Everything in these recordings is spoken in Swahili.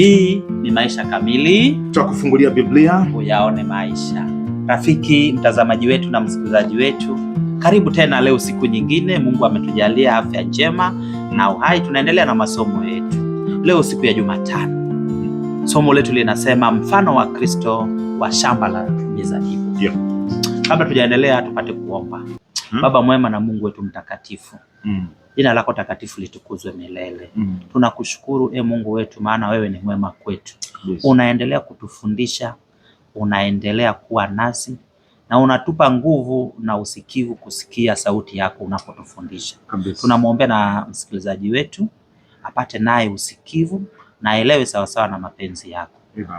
Hii ni Maisha Kamili, kufungulia Biblia uyaone maisha. Rafiki mtazamaji wetu na msikilizaji wetu, karibu tena leo, siku nyingine. Mungu ametujalia afya njema na uhai, tunaendelea na masomo yetu leo, siku ya Jumatano. Somo letu linasema mfano wa Kristo wa shamba la mizabibu. Yeah. Kabla tujaendelea, tupate kuomba. Hmm. Baba mwema na Mungu wetu mtakatifu, hmm. Jina lako takatifu litukuzwe milele. mm -hmm. Tunakushukuru e Mungu wetu, maana wewe ni mwema kwetu. yes. Unaendelea kutufundisha, unaendelea kuwa nasi na unatupa nguvu na usikivu kusikia sauti yako unapotufundisha. Tunamwombea na msikilizaji wetu apate naye usikivu na aelewe sawasawa na mapenzi yako.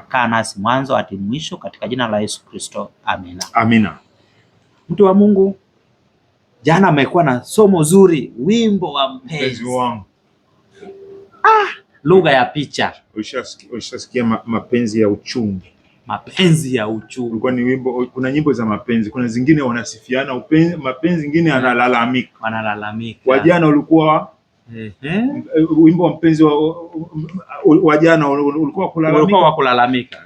Kaa nasi mwanzo hadi mwisho katika jina la Yesu Kristo, amina. Amina. Mtu wa Mungu Jana amekuwa na somo zuri, wimbo wa mpenzi wangu. Ah, lugha ya picha. Ushasikia ma, mapenzi ya uchungu, mapenzi ya uchungu. Kwa ni wimbo, kuna nyimbo za mapenzi, kuna zingine wanasifiana upenzi, mapenzi zingine analalamika, wanalalamika. Kwa jana ulikuwa eh, wimbo wa mpenzi wa jana ulikuwa wa kulalamika,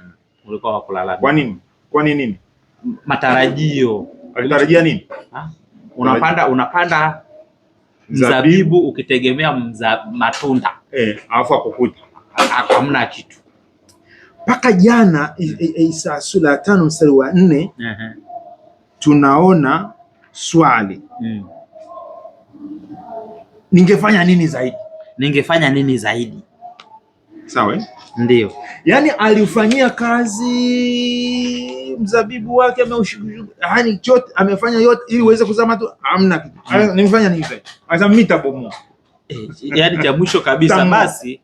ulikuwa wa kulalamika. Kwa nini? Kwa nini? Matarajio, alitarajia nini? Ha? Ah? unapanda unapanda mzabibu ukitegemea mza, matunda eh, alafu akukuta hamna kitu mpaka jana Isa sura ya tano mstari wa nne tunaona swali mm. Ningefanya nini zaidi? Ningefanya nini zaidi? Sawa, ndio. Yaani aliufanyia kazi mzabibu wake, yaani chote amefanya yote ili uweze kuzama tu, hamna kitu. Hmm. nimefanya nini sasa? Sasa mimi nitabomoa. Eh, yaani cha mwisho kabisa basi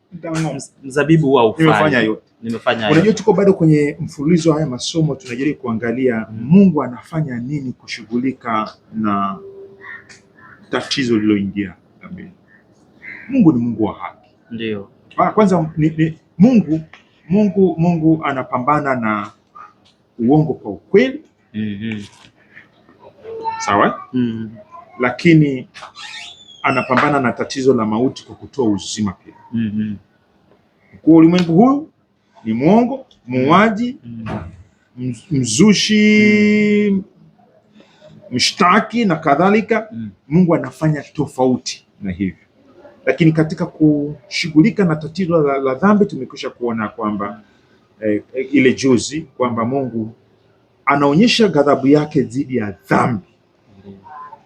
mzabibu huwa ufanye yote. Nimefanya yote. Unajua tuko bado kwenye mfululizo haya masomo tunajaribu kuangalia hmm. Mungu anafanya nini kushughulika na tatizo liloingia. Mungu ni Mungu wa haki. Ndio. Ah, kwanza ni, ni, Mungu Mungu Mungu anapambana na uongo kwa ukweli mm -hmm. Sawa mm -hmm. Lakini anapambana na tatizo la mauti kwa kutoa uzima pia mm -hmm. Kwa ulimwengu huyu ni mwongo, muuaji mm -hmm. mzushi mm -hmm. mshtaki na kadhalika mm -hmm. Mungu anafanya tofauti na hivyo lakini katika kushughulika na tatizo la, la dhambi tumekwisha kuona kwamba eh, eh ile juzi kwamba Mungu anaonyesha ghadhabu yake dhidi ya dhambi mm.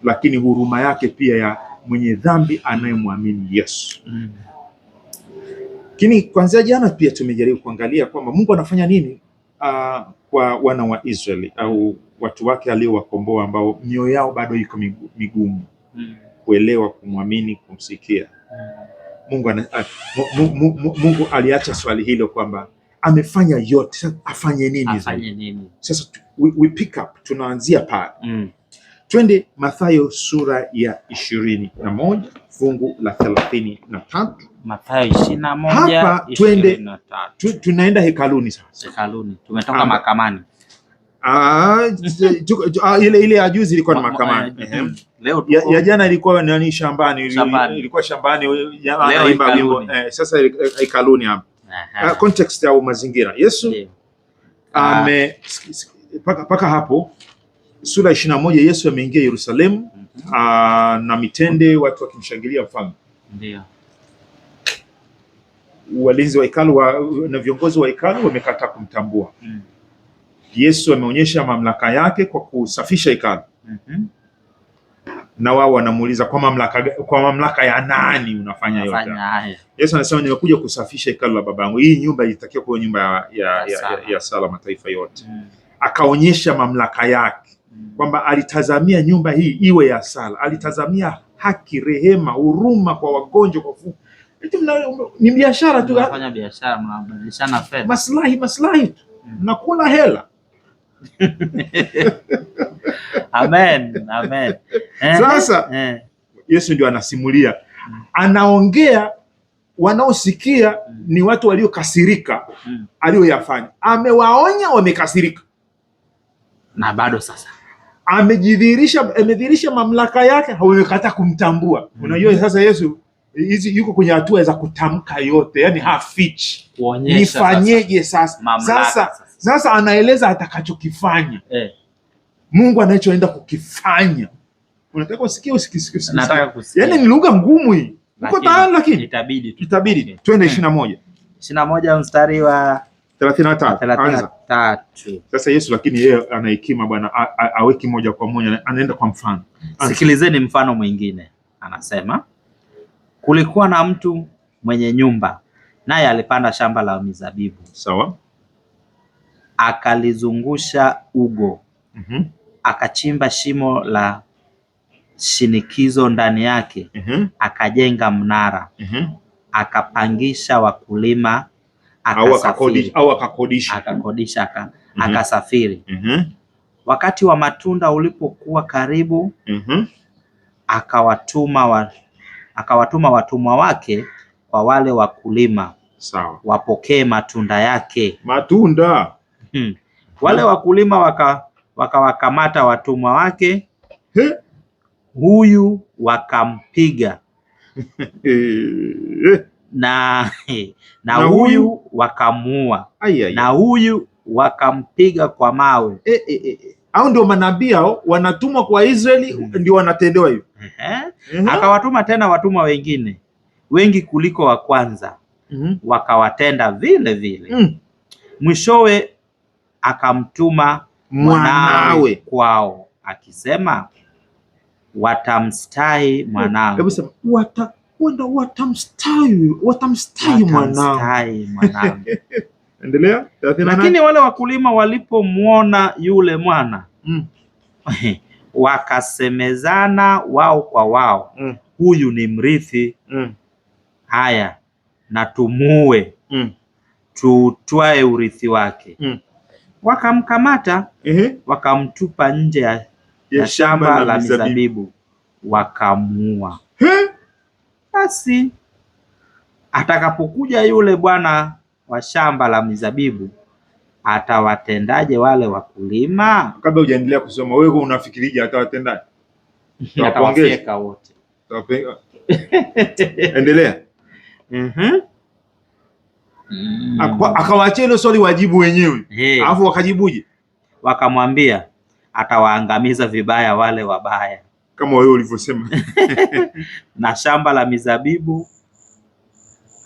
lakini huruma yake pia ya mwenye dhambi anayemwamini Yesu mm. Lakini kuanzia jana pia tumejaribu kuangalia kwamba Mungu anafanya nini uh, kwa wana wa Israeli au watu wake aliowakomboa ambao mioyo yao bado iko migumu mm. kuelewa, kumwamini, kumsikia Mungu, Mungu, Mungu aliacha swali hilo kwamba amefanya yote, afanye nini? Afanye nini? Sasa we, we pick up, tunaanzia pale mm. Twende Mathayo sura ya ishirini na moja fungu la thelathini na tatu Mathayo ishirini na moja, hapa twende tu, tunaenda hekaluni sasa. Hekaluni. Tumetoka mahakamani. Ah, ah, ah, ile ile ya juzi ilikuwa ni mahakamani. Leo ya jana ilikuwa nani? Shambani, ilikuwa shambani, ya anaimba wimbo eh, sasa eh, ikaluni hapa. Ah, context au mazingira. Yesu ame paka hapo sura ishirini na moja Yesu ameingia Yerusalemu mhm. na mitende, watu wakimshangilia mfalme. Ndio. Walinzi wa hekalu na viongozi wa hekalu wamekataa kumtambua. Mm. Yesu ameonyesha mamlaka yake kwa kusafisha hekalu mm -hmm. na wao wanamuuliza kwa mamlaka, kwa mamlaka ya nani unafanya yote? Yesu anasema nimekuja kusafisha hekalu la baba yangu. Hii nyumba ilitakiwa kuwa nyumba ya, ya, ya, ya, ya sala mataifa yote mm. Akaonyesha mamlaka yake mm. kwamba alitazamia nyumba hii iwe ya sala, alitazamia haki, rehema, huruma kwa wagonjwa, kwa fuku ni biashara tu, maslahi maslahi tu, mm. mnakula hela Amen, amen. Eh? Sasa eh. Yesu ndio anasimulia, anaongea wanaosikia mm. ni watu waliokasirika mm. aliyoyafanya. Amewaonya wamekasirika, na bado sasa amejidhihirisha, amedhihirisha mamlaka yake, hawamekataa kumtambua. Mm. Unajua sasa Yesu hizi yuko kwenye hatua za kutamka yote, yani hafichi, nifanyeje sasa, sasa sasa anaeleza atakachokifanya eh. Mungu anachoenda kukifanya unataka usikie, usikie, yaani ni lugha ngumu hii, uko tayari lakini itabidi tu, itabidi Twende eh. ishirini na moja ishirini na moja mstari wa thelathini na tatu. Sasa Yesu lakini yeye ana hekima bwana, aweki moja kwa moja, anaenda kwa mfano. Sikilizeni mfano mwingine, anasema kulikuwa na mtu mwenye nyumba, naye alipanda shamba la mizabibu. Sawa akalizungusha ugo mm -hmm. akachimba shimo la shinikizo ndani yake mm -hmm. akajenga mnara mm -hmm. akapangisha wakulima au akakodisha akakodisha aka, mm -hmm. akasafiri mm -hmm. wakati wa matunda ulipokuwa karibu mm -hmm. akawatuma wa, akawatuma watumwa wake kwa wale wakulima sawa, wapokee matunda yake matunda hmm. Wale wakulima wakawakamata watumwa wake huyu wakampiga na, na huyu wakamuua na huyu wakampiga kwa mawe e, e, e. Au ndio manabii hao wanatumwa kwa Israeli mm. Ndio wanatendewa hivyo uh -huh. Akawatuma tena watumwa wengine wengi kuliko wa kwanza uh Wakawatenda vile vile mm. Mwishowe akamtuma mwanawe kwao akisema, watamstahi mwanangu, watakwenda watamstahi, watamstahi mwanangu. Endelea. Lakini wale wakulima walipomwona yule mwana mm. wakasemezana wao kwa wao mm. huyu ni mrithi mm. haya na tumuue mm. tutwae urithi wake mm wakamkamata wakamtupa nje ya, ya shamba la mizabibu wakamuua. Basi atakapokuja yule bwana wa shamba la mizabibu atawatendaje wale wakulima? Kabla hujaendelea kusoma, wewe unafikirije atawatendaje? Atawafyeka wote. Endelea. Mhm mm. akawaachia hilo swali wajibu wenyewe Alafu wakajibuje? Wakamwambia atawaangamiza vibaya wale wabaya kama wewe ulivyosema na shamba la mizabibu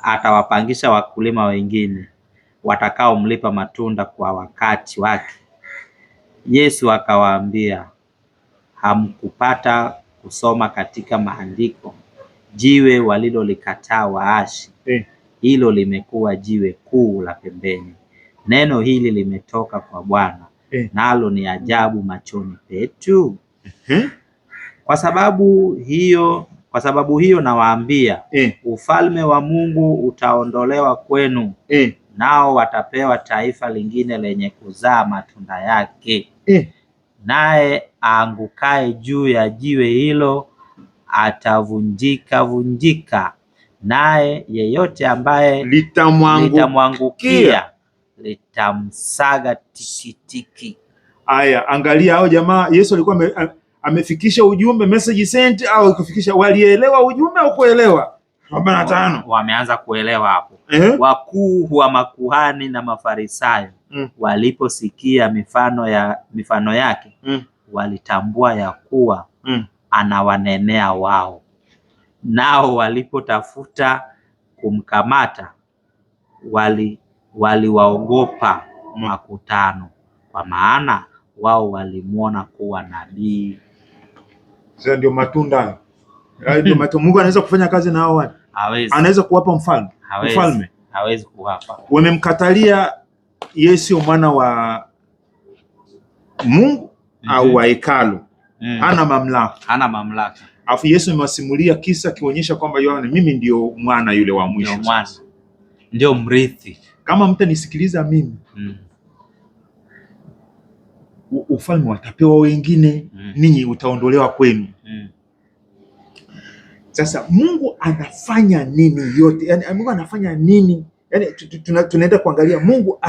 atawapangisha wakulima wengine watakaomlipa matunda kwa wakati wake. Yesu akawaambia, hamkupata kusoma katika maandiko, jiwe walilolikataa waashi eh, hilo limekuwa jiwe kuu la pembeni. Neno hili limetoka kwa Bwana eh, nalo ni ajabu machoni petu eh. Kwa sababu hiyo, kwa sababu hiyo nawaambia eh, ufalme wa Mungu utaondolewa kwenu eh, nao watapewa taifa lingine lenye kuzaa matunda yake eh, naye aangukaye juu ya jiwe hilo atavunjika vunjika naye yeyote ambaye litamwangukia litamsaga tikitiki. Aya, angalia hao jamaa, Yesu alikuwa amefikisha ujumbe message sent, au kufikisha, walielewa ujumbe au kuelewa? arobaini na tano wameanza kuelewa hapo eh? Wakuu wa makuhani na Mafarisayo mm. waliposikia mifano ya mifano yake mm. walitambua ya kuwa mm. anawanenea wao nao walipotafuta kumkamata waliwaogopa makutano, kwa maana wao walimwona kuwa nabii. Sasa ndio matunda Mungu anaweza kufanya kazi na hao watu, anaweza kuwapa mfalme, mfalme hawezi kuwapa. Wamemkatalia Yesu mwana wa Mungu mm -hmm. au mm-hmm. wa hekalu mm -hmm. hana mamlaka, hana mamlaka Alafu Yesu amewasimulia kisa akionyesha kwamba Yohana, mimi ndio mwana yule wa mwisho, ndio mwana, ndio mrithi. Kama mtanisikiliza mimi mm. ufalme watapewa wengine mm. ninyi utaondolewa kwenu mm. Sasa Mungu anafanya nini yote? Yani, Mungu anafanya nini? Yani, tunaenda kuangalia Mungu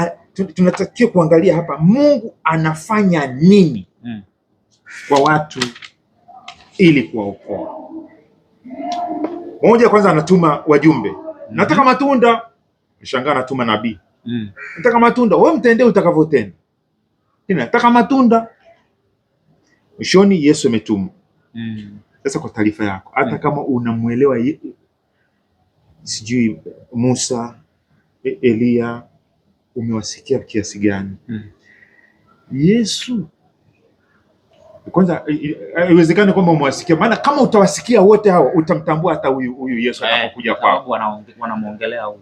tunatakiwa kuangalia hapa Mungu anafanya nini mm. kwa watu ili kuwaokoa. Mmoja kwanza anatuma wajumbe, mhm. nataka matunda. Mshangaa anatuma nabii, mm. nataka matunda, wewe mtendee utakavyotenda, nataka matunda. Mwishoni Yesu ametuma mm. sasa. Kwa taarifa yako, hata mm. kama unamwelewa sijui Musa, e-, Eliya, umewasikia kiasi gani, Yesu kwanza haiwezekani kwamba umewasikia, maana kama utawasikia wote hao utamtambua hata huyu huyu Yesu eh, anapokuja kwao, wanamuongelea huyu.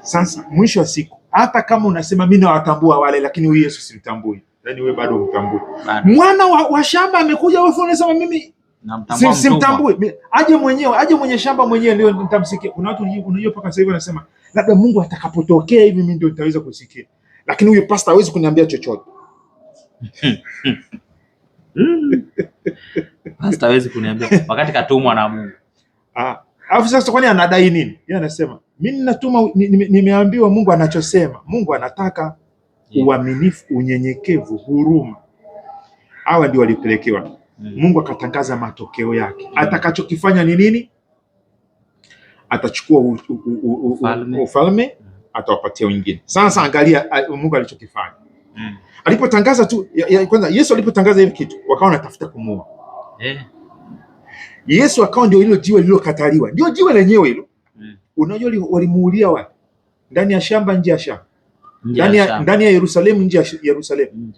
Sasa mwisho wa siku, hata kama unasema mimi nawatambua wale, lakini huyu Yesu simtambui, yani wewe bado umtambui. Mwana wa, wa shamba amekuja, wewe unasema mimi simtambui, aje mwenyewe, aje mwenye shamba mwenyewe ndio nitamsikia. Kuna watu unajua, mpaka sasa hivi wanasema labda Mungu atakapotokea hivi mimi ndio nitaweza kusikia, lakini huyu pastor hawezi kuniambia chochote Hmm. Pastor hawezi kuniambia wakati katumwa na Mungu. Ah, alafu sasa kwani anadai nini? Yeye anasema mimi natuma nimeambiwa Mungu anachosema. Mungu anataka uaminifu, unyenyekevu, huruma. Hawa ndio walipelekewa. Mungu akatangaza matokeo yake. Atakachokifanya ni nini? Atachukua ufalme, atawapatia wengine. Sasa angalia Mungu alichokifanya. Mm alipotangaza tu ya, ya, kwanza Yesu alipotangaza hivi kitu wakawa wanatafuta kumuua eh. Yesu akawa ndio hilo jiwe lililokataliwa, ndio jiwe lenyewe hilo eh. Unajua walimuulia wapi? Ndani ya shamba, nje ya shamba, ndani ya Yerusalemu, nje ya Yerusalemu.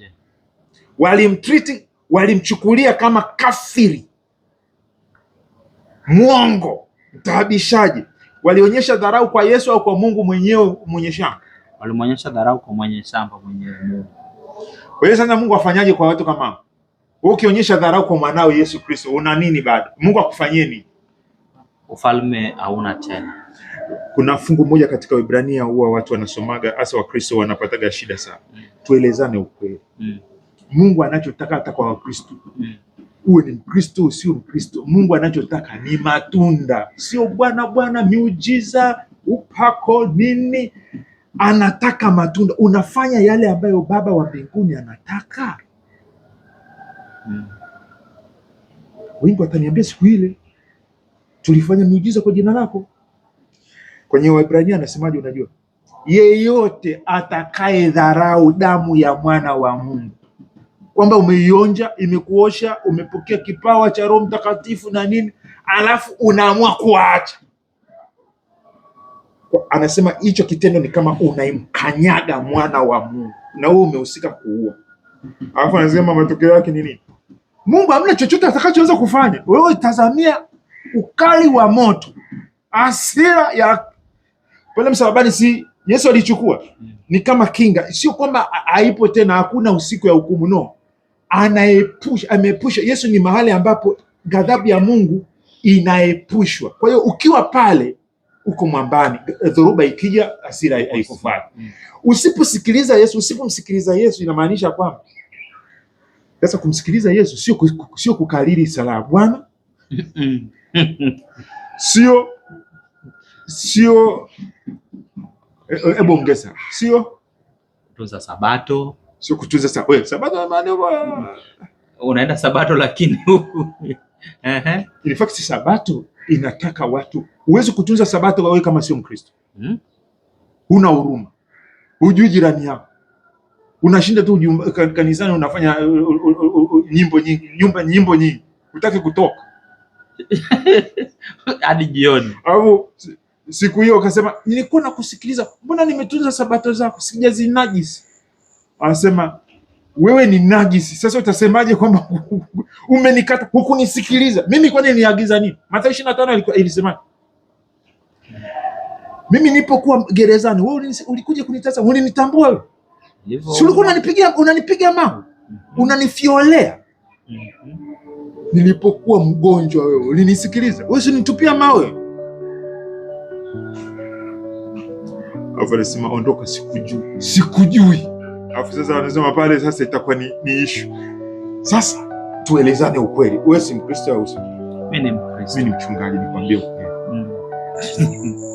Walimtreat, walimchukulia kama kafiri, mwongo, mtaabishaji. Walionyesha dharau kwa Yesu au kwa Mungu mwenyewe mwenye shamba? Walimwonyesha dharau kwa mwenye shamba mwenyewe. Kwa hiyo sasa Mungu afanyaje kwa watu kama hao? Wewe ukionyesha dharau kwa mwanao Yesu Kristo una nini bado? Mungu akufanyie nini? Ufalme hauna tena. Kuna fungu moja katika Waebrania huwa watu wanasomaga hasa Wakristo wanapataga shida sana. Mm. Tuelezane ukweli. Mm. Mungu anachotaka hata kwa Wakristo. Mm. Uwe ni Mkristo usio Mkristo, Mungu anachotaka ni matunda, sio bwana bwana, miujiza, upako, nini anataka matunda, unafanya yale ambayo Baba wa mbinguni anataka. Hmm. Wengi wataniambia siku ile tulifanya miujiza kwa jina lako. Kwenye Waebrania anasemaje? Unajua, yeyote atakaye dharau damu ya mwana wa Mungu, kwamba umeionja, imekuosha, umepokea kipawa cha Roho Mtakatifu na nini, alafu unaamua kuwaacha anasema hicho kitendo ni kama unaimkanyaga mwana wa Mungu na wewe umehusika kuua. Alafu anasema matokeo yake ni nini? Mungu amna chochote atakachoweza kufanya. Wewe tazamia ukali wa moto, hasira ya pale msalabani, si Yesu alichukua ni kama kinga, sio kwamba haipo tena, hakuna usiku ya hukumu, no, anaepusha, ameepusha. Yesu ni mahali ambapo ghadhabu ya Mungu inaepushwa. Kwa hiyo ukiwa pale uko mwambani, dhoruba ikija, hasira haikufai. Mm. Usiposikiliza Yesu, usipomsikiliza Yesu, inamaanisha kwamba sasa kumsikiliza Yesu sio sio kukariri sala ya Bwana, sio sio eh, hebu ongeza, sio kutunza Sabato, sio kutunza sa wewe Sabato maana unaenda Sabato lakini in fact Sabato inataka watu. Huwezi kutunza sabato wewe kama sio Mkristo, hmm? huna huruma, hujui jirani yako, unashinda tu kanisani unafanya nyimbo nyingi, nyumba nyimbo nyingi, utaki kutoka hadi jioni au siku hiyo akasema, nilikuwa nakusikiliza, mbona nimetunza sabato zako, sijazinajisi. Anasema wewe ni najisi. Sasa utasemaje kwamba umenikata, hukunisikiliza mimi? Kwani niagiza nini? Mathayo ishirini na tano ilisema mimi nipokuwa gerezani, wewe ulikuja kunitasa, ulinitambua Si ulikuwa unanipiga unanipiga mawe, mhm. unanifiolea mhm. nilipokuwa mgonjwa, wewe ulinisikiliza? Wewe usinitupia mawe. alisema ondoka, sikujui, sikujui Alafu sasa wanasema pale sasa itakuwa ni, ni ishu. Sasa tuelezane ukweli, wewe si Mkristo au si? Mimi ni Mkristo. Mimi ni mchungaji, nikwambie ukweli. Mm.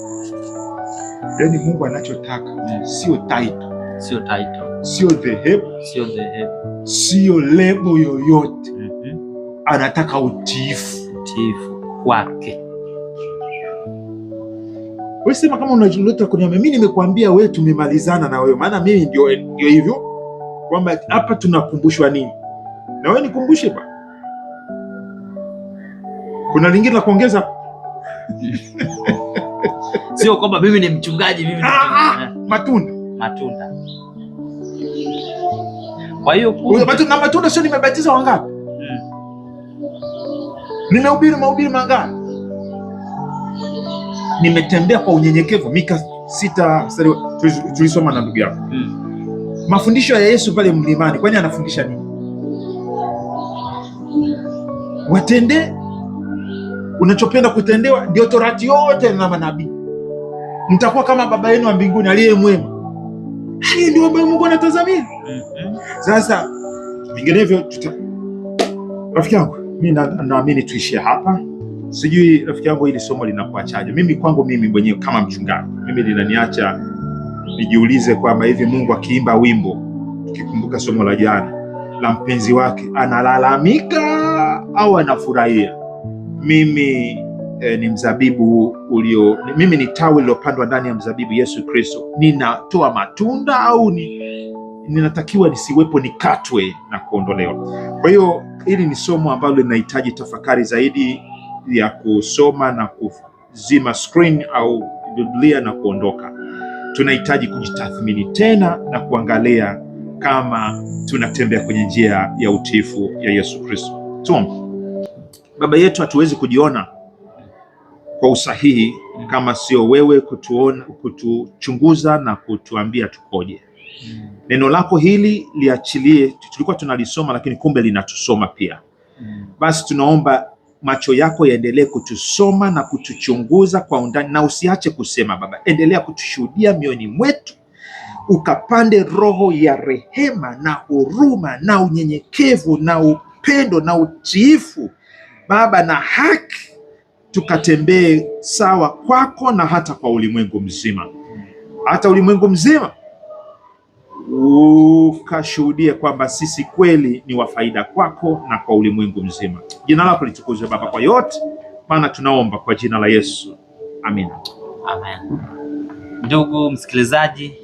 Yaani Mungu anachotaka mm. sio title, sio title, sio dhehebu, sio dhehebu, sio lebo yoyote mm -hmm. anataka utiifu, utiifu kwake wewe sema kama unajileta kuniambia mimi, nimekuambia wewe, tumemalizana na wewe. Maana mimi ndio ndio hivyo kwamba hapa tunakumbushwa nini? Na wewe nikumbushe ba, kuna lingine la kuongeza sio kwamba mimi ni mchungaji mimi ah, ah matunda matunda. Kwa hiyo na matunda sio, nimebatiza wangapi? hmm. nimehubiri mahubiri mangapi? nimetembea kwa unyenyekevu. Mika sita tulisoma na ndugu yako hmm. Mafundisho ya Yesu pale mlimani, kwani anafundisha nini? Watende unachopenda kutendewa, ndio torati yote na manabii. Mtakuwa kama baba yenu wa mbinguni aliye mwema. Hii ndio ambayo Mungu anatazamia. Hmm. Sasa vinginevyo, rafiki yangu, mimi naamini tuishie hapa. Sijui rafiki yangu, hili somo linakuachaje? Mimi kwangu mimi mwenyewe kama mchungaji, mimi linaniacha nijiulize kwamba hivi Mungu akiimba wimbo, tukikumbuka somo la jana la mpenzi wake, analalamika au anafurahia? Mimi e, ni mzabibu ulio, mimi ni tawi lilopandwa ndani ya mzabibu Yesu Kristo, ninatoa matunda au ni ninatakiwa nisiwepo, nikatwe na kuondolewa? Kwa hiyo hili ni somo ambalo linahitaji tafakari zaidi ya kusoma na kuzima screen au Biblia na kuondoka. Tunahitaji kujitathmini tena na kuangalia kama tunatembea kwenye njia ya utiifu ya Yesu Kristo. Tuom. Baba yetu, hatuwezi kujiona kwa usahihi kama sio wewe kutuona, kutuchunguza na kutuambia tukoje. Mm. Neno lako hili liachilie, tulikuwa tunalisoma lakini kumbe linatusoma pia. Mm. Basi tunaomba macho yako yaendelee kutusoma na kutuchunguza kwa undani, na usiache kusema Baba, endelea kutushuhudia mioyoni mwetu, ukapande roho ya rehema na huruma na unyenyekevu na upendo na utiifu Baba na haki, tukatembee sawa kwako na hata kwa ulimwengu mzima, hata ulimwengu mzima ukashuhudie kwamba sisi kweli ni wa faida kwako na kwa ulimwengu mzima. Jina lako litukuzwe Baba kwa yote, maana tunaomba kwa jina la Yesu, amina. Amen. Ndugu msikilizaji,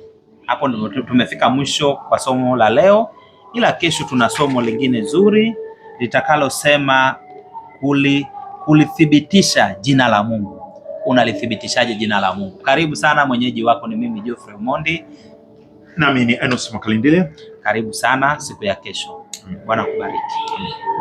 hapo tumefika mwisho kwa somo la leo, ila kesho tuna somo lingine zuri litakalosema kuli kulithibitisha jina la Mungu. Unalithibitishaje jina la Mungu? Karibu sana. Mwenyeji wako ni mimi Geoffrey Mondi. Nami ni Enos Makalindile. Karibu sana siku ya kesho. Mm. Bwana kubariki.